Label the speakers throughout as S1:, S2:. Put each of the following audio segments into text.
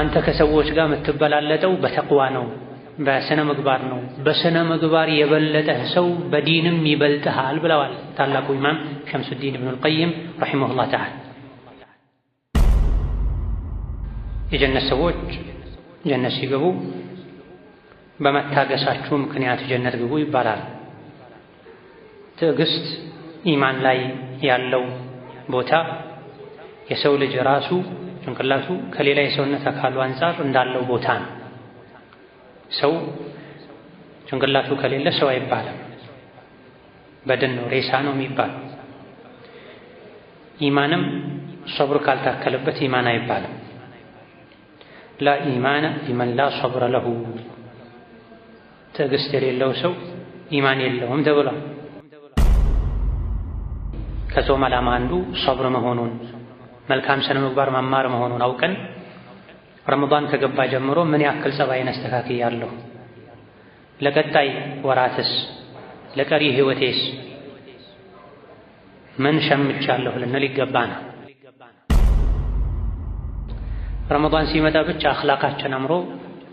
S1: አንተ ከሰዎች ጋር የምትበላለጠው በተቅዋ ነው፣ በስነ ምግባር ነው። በስነ ምግባር የበለጠህ ሰው በዲንም ይበልጥሃል ብለዋል ታላቁ ኢማም ሸምሱዲን ኢብኑል ቀይም ረሒመሁላህ ተዓላ። የጀነት ሰዎች ጀነት ሲገቡ በመታገሳችሁ ምክንያት ጀነት ግቡ ይባላል። ትዕግስት ኢማን ላይ ያለው ቦታ የሰው ልጅ ራሱ ጭንቅላቱ ከሌላ የሰውነት አካሉ አንጻር እንዳለው ቦታ ነው። ሰው ጭንቅላቱ ከሌለ ሰው አይባልም፣ በድን ነው፣ ሬሳ ነው የሚባለው። ኢማንም ሶብር ካልታከለበት ኢማን አይባልም። ላ ኢማነ ሊመን ላ ሶብረ ለሁ፣ ትዕግስት የሌለው ሰው ኢማን የለውም ተብሏል። ከጾም ዓላማ አንዱ ሶብር መሆኑን መልካም ስነ ምግባር መማር መሆኑን አውቀን ረመዳን ከገባ ጀምሮ ምን ያክል ጸባይን አስተካክያለሁ፣ ለቀጣይ ወራትስ፣ ለቀሪ ህይወቴስ ምን ሸምቻለሁ ልንል ይገባና ረመዳን ሲመጣ ብቻ አኽላቃችን አምሮ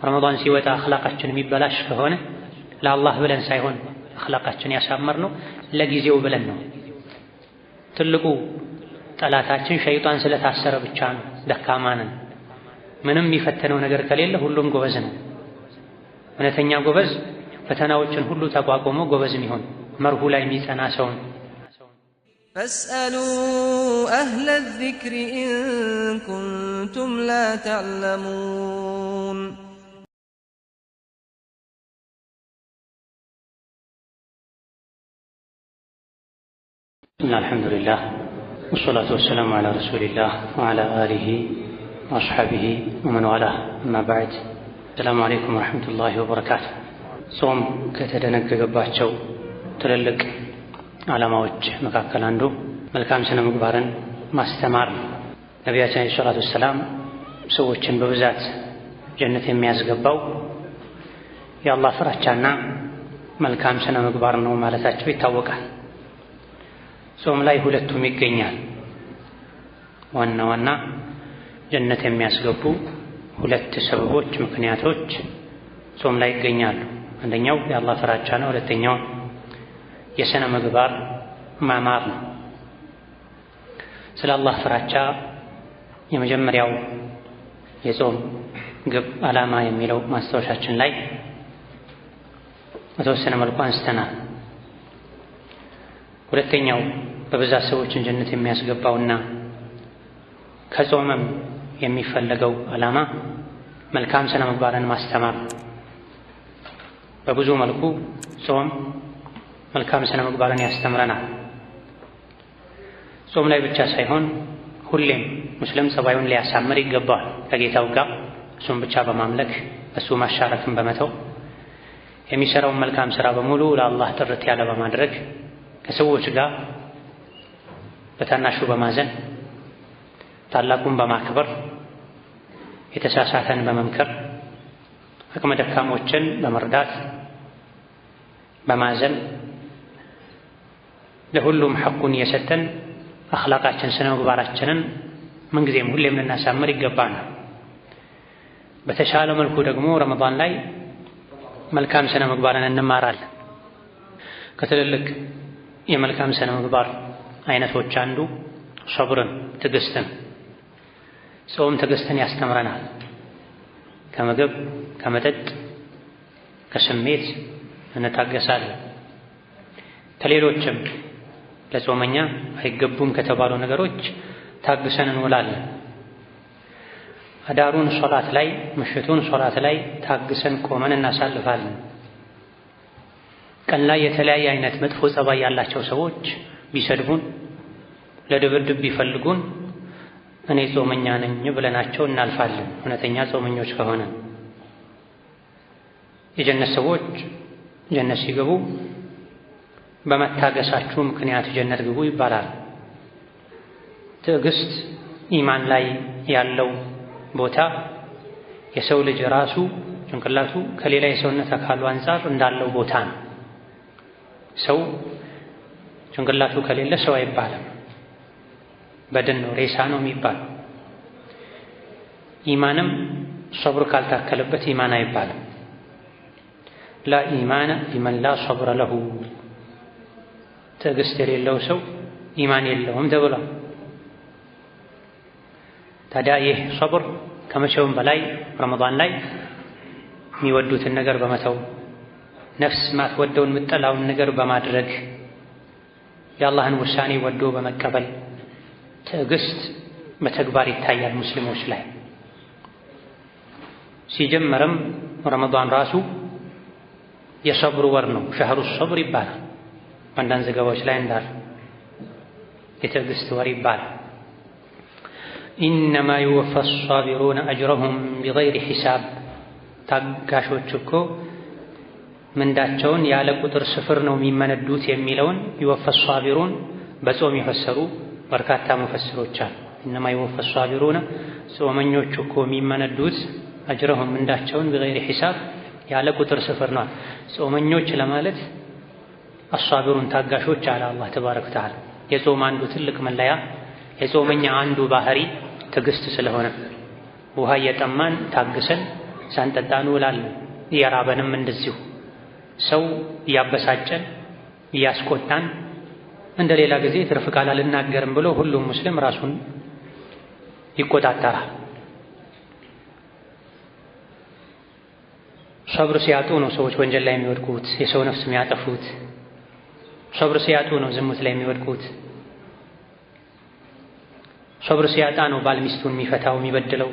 S1: ረመዳን ሲወጣ አኽላቃችን የሚበላሽ ከሆነ ለአላህ ብለን ሳይሆን አኽላቃችን ያሳመር ነው ለጊዜው ብለን ነው ትልቁ ጠላታችን ሸይጣን ስለታሰረ ብቻ ነው። ደካማ ነን። ምንም የሚፈተነው ነገር ከሌለ ሁሉም ጎበዝ ነው። እውነተኛ ጎበዝ ፈተናዎችን ሁሉ ተቋቁሞ ጎበዝ የሚሆን መርሁ ላይ የሚጸና ሰው ነው።
S2: ፈስአሉ አህለ ዚክሪ ኢን ኩንቱም ላ ተዕለሙን እና አልሐምዱሊላህ ወሰላቱ ወሰላሙ አላ ረሱሊላህ ወአላ አሊሂ ወአስሓቢሂ ወመን ዋላህ አማ ባዕድ። ሰላሙ አለይኩም ወረሕመቱላሂ ወበረካቱ። ጾም ከተደነገገባቸው ትልልቅ ዓላማዎች መካከል አንዱ መልካም ስነ ምግባርን ማስተማር ነው። ነቢያችን ዓለይሂ ሰላቱ ወሰላም ሰዎችን በብዛት ጀነት የሚያስገባው የአላህ ፍራቻና መልካም ስነ ምግባር ነው ማለታቸው ይታወቃል። ጾም ላይ ሁለቱም ይገኛል። ዋና ዋና ጀነት የሚያስገቡ ሁለት ሰበቦች፣ ምክንያቶች ጾም ላይ ይገኛሉ። አንደኛው የአላህ ፍራቻ ነው። ሁለተኛው የሥነ ምግባር ማማር ነው። ስለ አላህ ፍራቻ የመጀመሪያው የጾም ግብ ዓላማ የሚለው ማስታወሻችን ላይ በተወሰነ መልኩ አንስተናል። ሁለተኛው በብዛት ሰዎችን ጀነት የሚያስገባውና ከጾምም የሚፈለገው ዓላማ መልካም ስነ ምግባርን ማስተማር። በብዙ መልኩ ጾም መልካም ስነ ምግባርን ያስተምረናል። ጾም ላይ ብቻ ሳይሆን ሁሌም ሙስሊም ጸባዩን ሊያሳምር ይገባዋል። ከጌታው ጋር እሱን ብቻ በማምለክ እሱ ማሻረክን በመተው የሚሰራውን መልካም ስራ በሙሉ ለአላህ ጥርት ያለ በማድረግ ከሰዎች ጋር በታናሹ በማዘን ታላቁን በማክበር የተሳሳተን በመምከር አቅመ ደካሞችን በመርዳት በማዘን ለሁሉም ሐቁን እየሰጠን አኽላቃችን ስነ ምግባራችንን ምንጊዜም ሁሌም ልናሳምር ይገባናል። በተሻለ መልኩ ደግሞ ረመዳን ላይ መልካም ስነ ምግባርን እንማራለን። ከትልልቅ የመልካም ስነ ምግባር አይነቶች አንዱ ሶብርን ትዕግስትን። ጾም ትዕግስትን ያስተምረናል። ከምግብ ከመጠጥ፣ ከስሜት እንታገሳለን። ከሌሎችም ለጾመኛ አይገቡም ከተባሉ ነገሮች ታግሰን እንውላለን። አዳሩን ሶላት ላይ ምሽቱን ሶላት ላይ ታግሰን ቆመን እናሳልፋለን። ቀን ላይ የተለያየ አይነት መጥፎ ጸባይ ያላቸው ሰዎች ቢሰድቡን፣ ለድብድብ ቢፈልጉን እኔ ጾመኛ ነኝ ብለናቸው እናልፋለን። እውነተኛ ጾመኞች ከሆነ የጀነት ሰዎች ጀነት ሲገቡ በመታገሳችሁ ምክንያት ጀነት ግቡ ይባላል። ትዕግስት ኢማን ላይ ያለው ቦታ የሰው ልጅ ራሱ ጭንቅላቱ ከሌላ የሰውነት አካሉ አንጻር እንዳለው ቦታ ነው። ሰው ጭንቅላቱ ከሌለ ሰው አይባልም፣ በድን ነው፣ ሬሳ ነው የሚባለው። ኢማንም ሶብር ካልታከለበት ኢማን አይባልም። ላ ኢማነ ሊመን ላ ሶብረ ለሁ፣ ትዕግስት የሌለው ሰው ኢማን የለውም ተብሏል። ታዲያ ይህ ሶብር ከመቼውም በላይ ረመዳን ላይ የሚወዱትን ነገር በመተው ነፍስ ማትወደውን የምጠላውን ነገር በማድረግ የአላህን ውሳኔ ወዶ በመቀበል ትዕግስት በተግባር ይታያል ሙስሊሞች ላይ። ሲጀመርም ረመዷን ራሱ የሰብሩ ወር ነው። ሸህሩ ሰብር ይባላል። በአንዳንድ ዘገባዎች ላይ እንዳለ የትዕግስት ወር ይባላል። ኢነማ ዩወፋ አሳቢሩነ አጅረሁም ቢገይሪ ሒሳብ ታጋሾች እኮ ምንዳቸውን ያለ ቁጥር ስፍር ነው የሚመነዱት የሚለውን ይወፈሱ ሳቢሩን በጾም የፈሰሩ በርካታ መፈስሮች አሉ። እነማ ይወፈሱ ሳቢሩን ጾመኞቹ እኮ የሚመነዱት አጅረሁም ምንዳቸውን በገይር ሂሳብ ያለ ቁጥር ስፍር ነው። ጾመኞች ለማለት አሳቢሩን ታጋሾች አለ አላህ ተባረከ ወተዓላ። የጾም አንዱ ትልቅ መለያ የጾመኛ አንዱ ባህሪ ትዕግስት ስለሆነ ውሃ እየጠማን ታግሰን ሳንጠጣ እንውላለን። እየራበንም እንደዚሁ ሰው እያበሳጨን እያስቆጣን እንደ ሌላ ጊዜ ትርፍ ቃል አልናገርም ብሎ ሁሉም ሙስሊም ራሱን ይቆጣጠራል። ሰብር ሲያጡ ነው ሰዎች ወንጀል ላይ የሚወድቁት፣ የሰው ነፍስ የሚያጠፉት። ሰብር ሲያጡ ነው ዝሙት ላይ የሚወድቁት። ሰብር ሲያጣ ነው ባል ሚስቱን የሚፈታው የሚበድለው።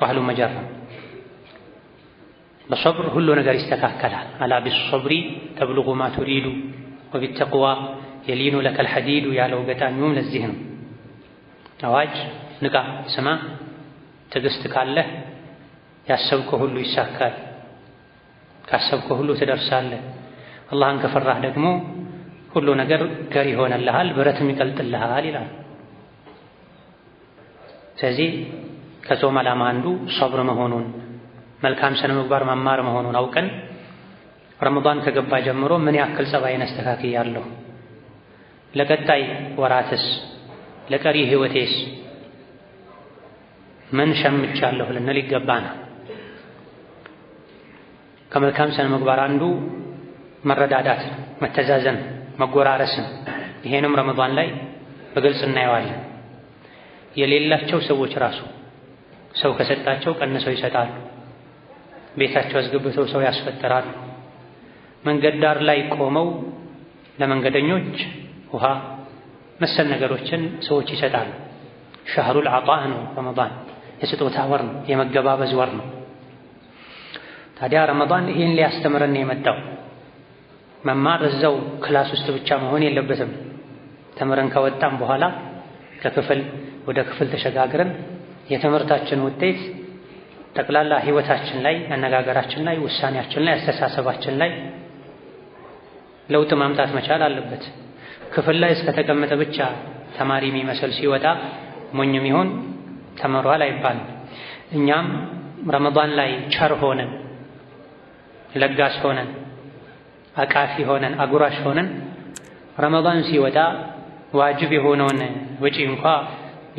S2: ባህሉ መጀር ነው። በሶብር ሁሉ ነገር ይስተካከላል። አላ ቢሶብሪ ተብልጉ ማ ቱሪዱ ወቢተቅዋ የሊኑ ለከል ሐዲዱ ያለው ገጣሚውም ለዚህ ነው። አዋጅ ንቃ፣ ስማ፣ ትዕግስት ካለህ ያሰብከው ሁሉ ይሳካል። ካሰብከው ሁሉ ትደርሳለህ። አላህን ከፈራህ ደግሞ ሁሉ ነገር ገር ይሆንልሃል፣ ብረትም ይቀልጥልሃል ይላል። ስለዚህ ከጾም ዓላማ አንዱ ሶብር መሆኑን መልካም ስነ ምግባር መማር መሆኑን አውቀን ረመዳን ከገባ ጀምሮ ምን ያክል ጸባይን አስተካክያለሁ፣ ለቀጣይ ወራትስ ለቀሪ ህይወቴስ ምን ሸምቻለሁ ልንል ይገባና ከመልካም ስነ ምግባር አንዱ መረዳዳት፣ መተዛዘን፣ መጎራረስን ይሄንም ረመዳን ላይ በግልጽ እናየዋለን። የሌላቸው ሰዎች ራሱ ሰው ከሰጣቸው ቀንሰው ይሰጣሉ። ቤታቸው አስገብተው ሰው ያስፈጥራሉ። መንገድ ዳር ላይ ቆመው ለመንገደኞች ውሃ መሰል ነገሮችን ሰዎች ይሰጣሉ። ሻህሩል አጣእ ነው ረመዳን፣ የስጦታ ወር ነው፣ የመገባበዝ ወር ነው። ታዲያ ረመዳን ይህን ሊያስተምረን የመጣው መማር እዛው ክላስ ውስጥ ብቻ መሆን የለበትም። ተምረን ከወጣም በኋላ ከክፍል ወደ ክፍል ተሸጋግረን የትምህርታችን ውጤት ጠቅላላ ህይወታችን ላይ አነጋገራችን ላይ ውሳኔያችን ላይ አስተሳሰባችን ላይ ለውጥ ማምጣት መቻል አለበት። ክፍል ላይ እስከተቀመጠ ብቻ ተማሪ የሚመስል ሲወጣ ሞኝም ይሆን ተምሯል አይባልም። እኛም ረመዳን ላይ ቸር ሆነን ለጋስ ሆነን አቃፊ ሆነን አጉራሽ ሆነን ረመዳን ሲወጣ ዋጅብ የሆነውን ወጪ እንኳ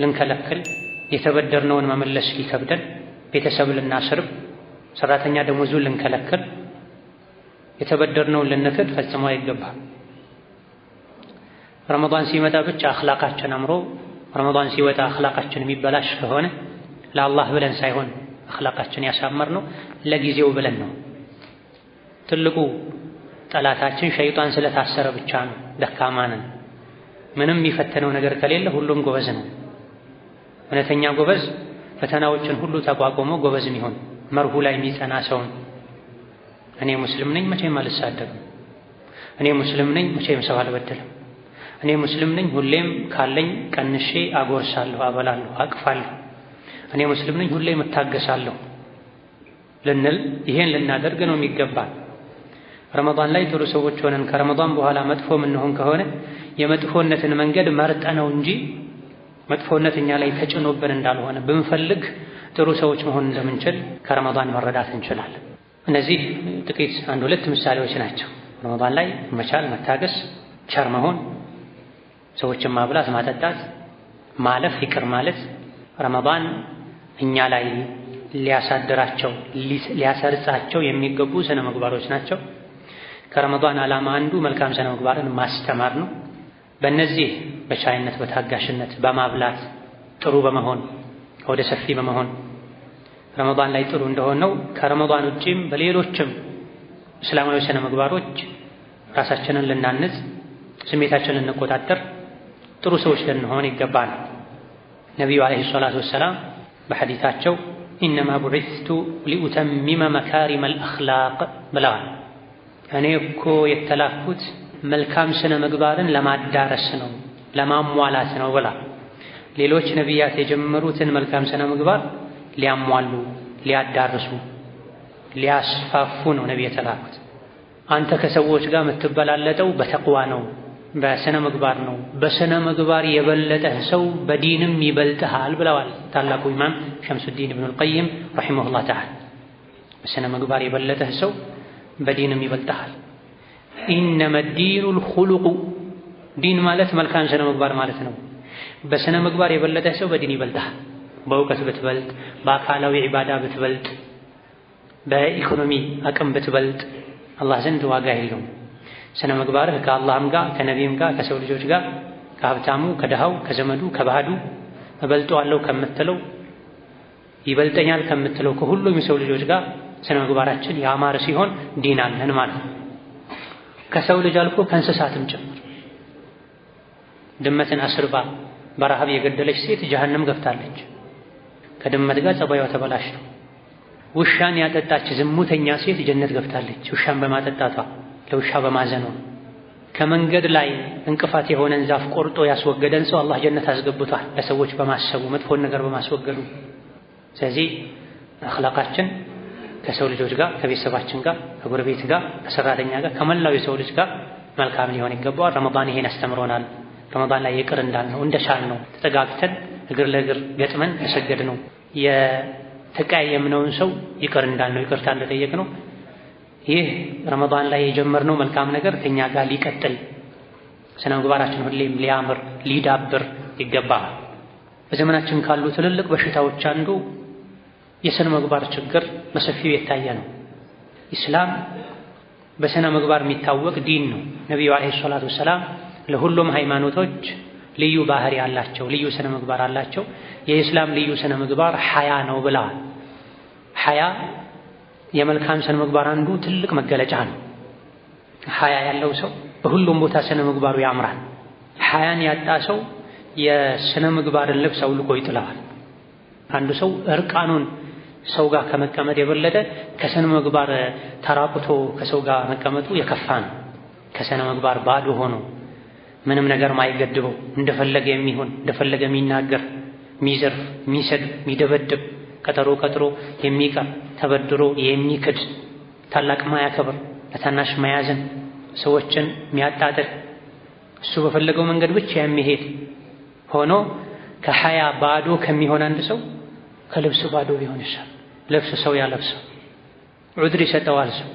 S2: ልንከለክል የተበደርነውን መመለስ ሊከብደን ቤተሰብ ልናስርብ፣ ሰራተኛ ዙ ልንከለክል፣ የተበደርነውን ልንክድ ፈጽሞ አይገባም። ረመዳን ሲመጣ ብቻ አኽላቃችን አምሮ ረመዳን ሲወጣ አኽላቃችን የሚበላሽ ከሆነ ለአላህ ብለን ሳይሆን አኽላቃችን ያሳመር ነው ለጊዜው ብለን ነው። ትልቁ ጠላታችን ሸይጣን ስለታሰረ ብቻ ነው። ደካማ ነን። ምንም የሚፈተነው ነገር ከሌለ ሁሉም ጎበዝ ነው። እውነተኛ ጎበዝ ፈተናዎችን ሁሉ ተቋቁሞ ጎበዝ የሚሆን መርሁ ላይ የሚጸና ሰውን እኔ ሙስሊም ነኝ መቼም አልሳደብም፣ እኔ ሙስሊም ነኝ መቼም ሰው አልበድልም፣ እኔ ሙስሊም ነኝ ሁሌም ካለኝ ቀንሼ አጎርሳለሁ፣ አበላለሁ፣ አቅፋለሁ፣ እኔ ሙስሊም ነኝ ሁሌም እታገሳለሁ ልንል ይሄን ልናደርግ ነው የሚገባ ረመዳን ላይ ጥሩ ሰዎች ሆነን ከረመዳን በኋላ መጥፎ ምንሆን ከሆነ የመጥፎነትን መንገድ መርጠ ነው እንጂ መጥፎነት እኛ ላይ ተጭኖብን እንዳልሆነ ብንፈልግ ጥሩ ሰዎች መሆን እንደምንችል ከረመዳን መረዳት እንችላለን። እነዚህ ጥቂት አንድ ሁለት ምሳሌዎች ናቸው። ረመዳን ላይ መቻል፣ መታገስ፣ ቸር መሆን፣ ሰዎችን ማብላት፣ ማጠጣት፣ ማለፍ፣ ይቅር ማለት ረመዳን እኛ ላይ ሊያሳድራቸው ሊያሰርጻቸው የሚገቡ ስነ ምግባሮች ናቸው። ከረመዳን ዓላማ አንዱ መልካም ስነ ምግባርን ማስተማር ነው። በእነዚህ በቻይነት፣ በታጋሽነት፣ በማብላት ጥሩ በመሆን ወደ ሰፊ በመሆን ረመዳን ላይ ጥሩ እንደሆን ነው። ከረመዳን ውጪም በሌሎችም እስላማዊ ስነ ምግባሮች ራሳችንን ልናንጽ፣ ስሜታችንን ልንቆጣጠር፣ ጥሩ ሰዎች ልንሆን ይገባል። ነቢዩ አለይሂ ሰላቱ ወሰላም በሐዲታቸው ኢነማ ቡዒስቱ ሊኡተሚመ መካሪመል አኽላቅ ብለዋል። እኔ እኮ የተላኩት መልካም ስነ ምግባርን ለማዳረስ ነው ለማሟላት ነው ብላ ሌሎች ነቢያት የጀመሩትን መልካም ስነ ምግባር ሊያሟሉ፣ ሊያዳርሱ፣ ሊያስፋፉ ነው ነቢ የተላኩት። አንተ ከሰዎች ጋር የምትበላለጠው በተቅዋ ነው፣ በስነ ምግባር ነው። በስነ ምግባር የበለጠህ ሰው በዲንም ይበልጥሃል ብለዋል ታላቁ ኢማም ሸምሱዲን ኢብኑል ቀይም ረሒመሁላህ ተዓላ። በስነ ምግባር የበለጠህ ሰው በዲንም ይበልጥሃል። ኢነመ ዲኑል ኹሉቁ ዲን ማለት መልካም ስነ ምግባር ማለት ነው። በስነ ምግባር የበለጠ ሰው በዲን ይበልጣል። በእውቀት ብትበልጥ፣ በአካላዊ ዒባዳ ብትበልጥ፣ በኢኮኖሚ አቅም ብትበልጥ አላህ ዘንድ ዋጋ የለውም። ስነ ምግባርህ ከአላህም ጋር ከነቢም ጋር ከሰው ልጆች ጋር ከሀብታሙ ከድሃው ከዘመዱ ከባህዱ እበልጠዋለሁ ከምትለው ይበልጠኛል ከምትለው ከሁሉም የሰው ልጆች ጋር ስነ ምግባራችን ያማረ ሲሆን ዲን አለን ማለት ነው። ከሰው ልጅ አልፎ ከእንስሳትም ጭምር ድመትን አስርባ በረሃብ የገደለች ሴት ጀሀነም ገብታለች። ከድመት ጋር ጸባይዋ ነው ውሻን ያጠጣች ዝሙተኛ ሴት ጀነት ገብታለች። ውሻን በማጠጣቷ ለውሻ በማዘኗ ከመንገድ ላይ እንቅፋት የሆነን ዛፍ ቆርጦ ያስወገደን ሰው አላህ ጀነት አስገብቷል፣ ለሰዎች በማሰቡ መጥፎን ነገር በማስወገዱ። ስለዚህ አኽላቃችን ከሰው ልጆች ጋር ከቤተሰባችን ጋር ከጎረቤት ጋር ከሰራተኛ ጋር ከመላው የሰው ልጅ ጋር መልካም ሊሆን ይገባዋል። ረመዳን ይሄን አስተምሮናል ረመዳን ላይ ይቅር እንዳልነው እንደቻልነው ተጠጋግተን እግር ለእግር ገጥመን የሰገድነው የተቀያየምነውን ሰው ይቅር እንዳልነው ይቅርታ እንደጠየቅ ነው። ይህ ረመዳን ላይ የጀመርነው መልካም ነገር ከኛ ጋር ሊቀጥል ስነ ምግባራችን ሁሌም ሊያምር ሊዳብር ይገባል። በዘመናችን ካሉ ትልልቅ በሽታዎች አንዱ የስነ ምግባር ችግር በሰፊው የታየ ነው። ኢስላም በስነ ምግባር የሚታወቅ ዲን ነው። ነቢዩ ዓለይሂ ሰላቱ ወሰላም ለሁሉም ሃይማኖቶች ልዩ ባህሪ አላቸው፣ ልዩ ስነ ምግባር አላቸው። የኢስላም ልዩ ስነ ምግባር ሐያ ነው ብለዋል። ሐያ የመልካም ስነ ምግባር አንዱ ትልቅ መገለጫ ነው። ሐያ ያለው ሰው በሁሉም ቦታ ስነ ምግባሩ ያምራል። ሐያን ያጣ ሰው የስነ ምግባርን ልብስ አውልቆ ይጥለዋል። አንዱ ሰው እርቃኑን ሰው ጋር ከመቀመጥ የበለጠ ከስነ ምግባር ተራቁቶ ከሰው ጋር መቀመጡ የከፋ ነው። ከስነ ምግባር ባዶ ሆኖ ምንም ነገር ማይገድበው እንደፈለገ የሚሆን እንደፈለገ የሚናገር፣ ሚዘርፍ ሚሰድ ሚደበደብ ቀጠሮ ቀጥሮ የሚቀር፣ ተበድሮ የሚክድ፣ ታላቅ ማያከብር፣ ለታናሽ ማያዝን ሰዎችን የሚያጣጥል፣ እሱ በፈለገው መንገድ ብቻ የሚሄድ ሆኖ ከሀያ ባዶ ከሚሆን አንድ ሰው ከልብሱ ባዶ ቢሆን ይሻል። ልብስ ሰው ያለብሰው ዑድር ይሰጠዋል። ሰው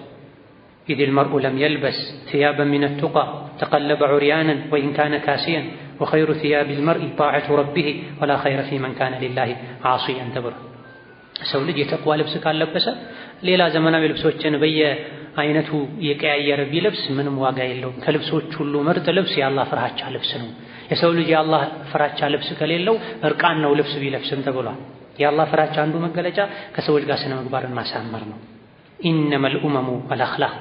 S2: ኢዲል መርኡ ለም የልበስ ቲያበ ሚነ ቱቃ ተቀለበ ዑርያንን ወኢን ካነ ካሲየን ወኸይሩ ቲያብ ልመርኢ ጣዕቱ ረቢህ ወላ ኸይረ ፊ መን ካነ ሊላሂ ዓሲየን ተብሏል። ሰው ልጅ የተቅዋ ልብስ ካልለበሰ ሌላ ዘመናዊ ልብሶችን በየአይነቱ የቀያየረ ቢለብስ ምንም ዋጋ የለውም። ከልብሶች ሁሉ ምርጥ ልብስ የአላህ ፍርሃቻ ልብስ ነው። የሰው ልጅ የአላህ ፍራቻ ልብስ ከሌለው እርቃን ነው ልብስ ቢለብስም ተብሏል። የአላህ ፍራቻ አንዱ መገለጫ ከሰዎች ጋር ስነ ምግባርን ማሳመር ነው። ኢነመል ኡመሙ አልአኽላቅ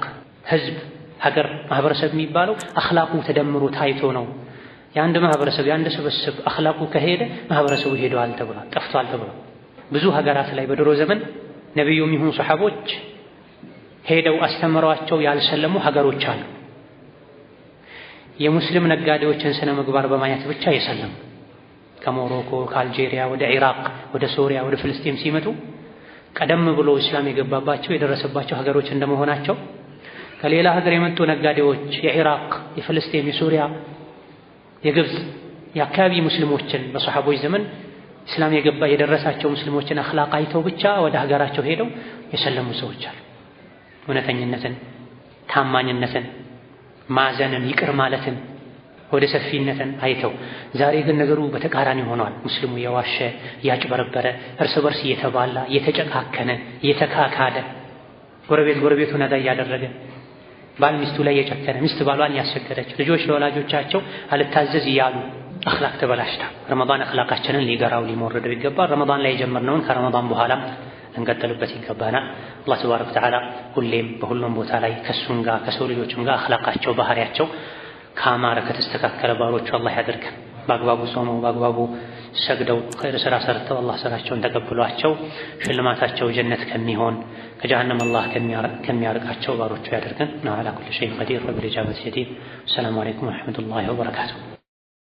S2: ህዝብ፣ ሀገር፣ ማህበረሰብ የሚባለው አኽላቁ ተደምሮ ታይቶ ነው። የአንድ ማህበረሰብ የአንድ ስብስብ አኽላቁ ከሄደ ማህበረሰቡ ሄደዋል ተብሏል፣ ጠፍቷል ተብሏል። ብዙ ሀገራት ላይ በድሮ ዘመን ነቢዩ የሚሆኑ ሰሓቦች ሄደው አስተምረዋቸው ያልሰለሙ ሀገሮች አሉ። የሙስሊም ነጋዴዎችን ስነ ምግባር በማየት ብቻ የሰለሙ ከሞሮኮ ከአልጄሪያ ወደ ኢራቅ ወደ ሶሪያ ወደ ፍልስጤም ሲመጡ ቀደም ብሎ እስላም የገባባቸው የደረሰባቸው ሀገሮች እንደመሆናቸው ከሌላ ሀገር የመጡ ነጋዴዎች የኢራቅ፣ የፍልስጤም፣ የሱሪያ፣ የግብፅ የአካባቢ ሙስሊሞችን በሰሓቦች ዘመን እስላም የገባ የደረሳቸው ሙስሊሞችን አኽላቅ አይተው ብቻ ወደ ሀገራቸው ሄደው የሰለሙ ሰዎች አሉ። እውነተኝነትን፣ ታማኝነትን፣ ማዘንን፣ ይቅር ማለትን ወደ ሰፊነትን አይተው፣ ዛሬ ግን ነገሩ በተቃራኒ ሆኗል። ሙስሊሙ እየዋሸ እያጭበረበረ፣ እርስ በርስ እየተባላ እየተጨካከነ እየተካካደ፣ ጎረቤት ጎረቤቱ አዳ እያደረገ፣ ባል ሚስቱ ላይ እየጨከነ፣ ሚስት ባሏን እያስቸገረች፣ ልጆች ለወላጆቻቸው አልታዘዝ እያሉ አኽላቅ ተበላሽታ ረመዳን አኽላቃችንን ሊገራው ሊሞርደው ይገባል። ረመዳን ላይ የጀመርነውን ከረመዳን በኋላም እንቀጥልበት ይገባናል። አላህ ተባረከ ወተዓላ ሁሌም በሁሉም ቦታ ላይ ከእሱም ጋር ከሰው ልጆችም ጋር አኽላቃቸው ባህሪያቸው ከአማረ ከተስተካከለ ባሮቹ አላህ ያደርገን። በአግባቡ ጾመው በአግባቡ ሰግደው ኸይር ስራ ሰርተው አላህ ስራቸውን ተቀብሏቸው ሽልማታቸው ጀነት ከሚሆን ከጀሃነም አላህ ከሚያርቃቸው ባሮቹ ያደርገን። ነው አላ ኩሊ ቀዲር ወቢል ኢጃበት ሰላም አለይኩም ወረሕመቱላሂ ወበረካቱሁ።